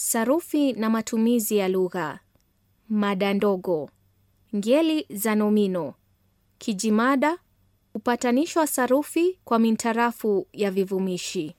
Sarufi na matumizi ya lugha. Mada ndogo. Ngeli za nomino. Kijimada. Upatanisho wa sarufi kwa mintarafu ya vivumishi.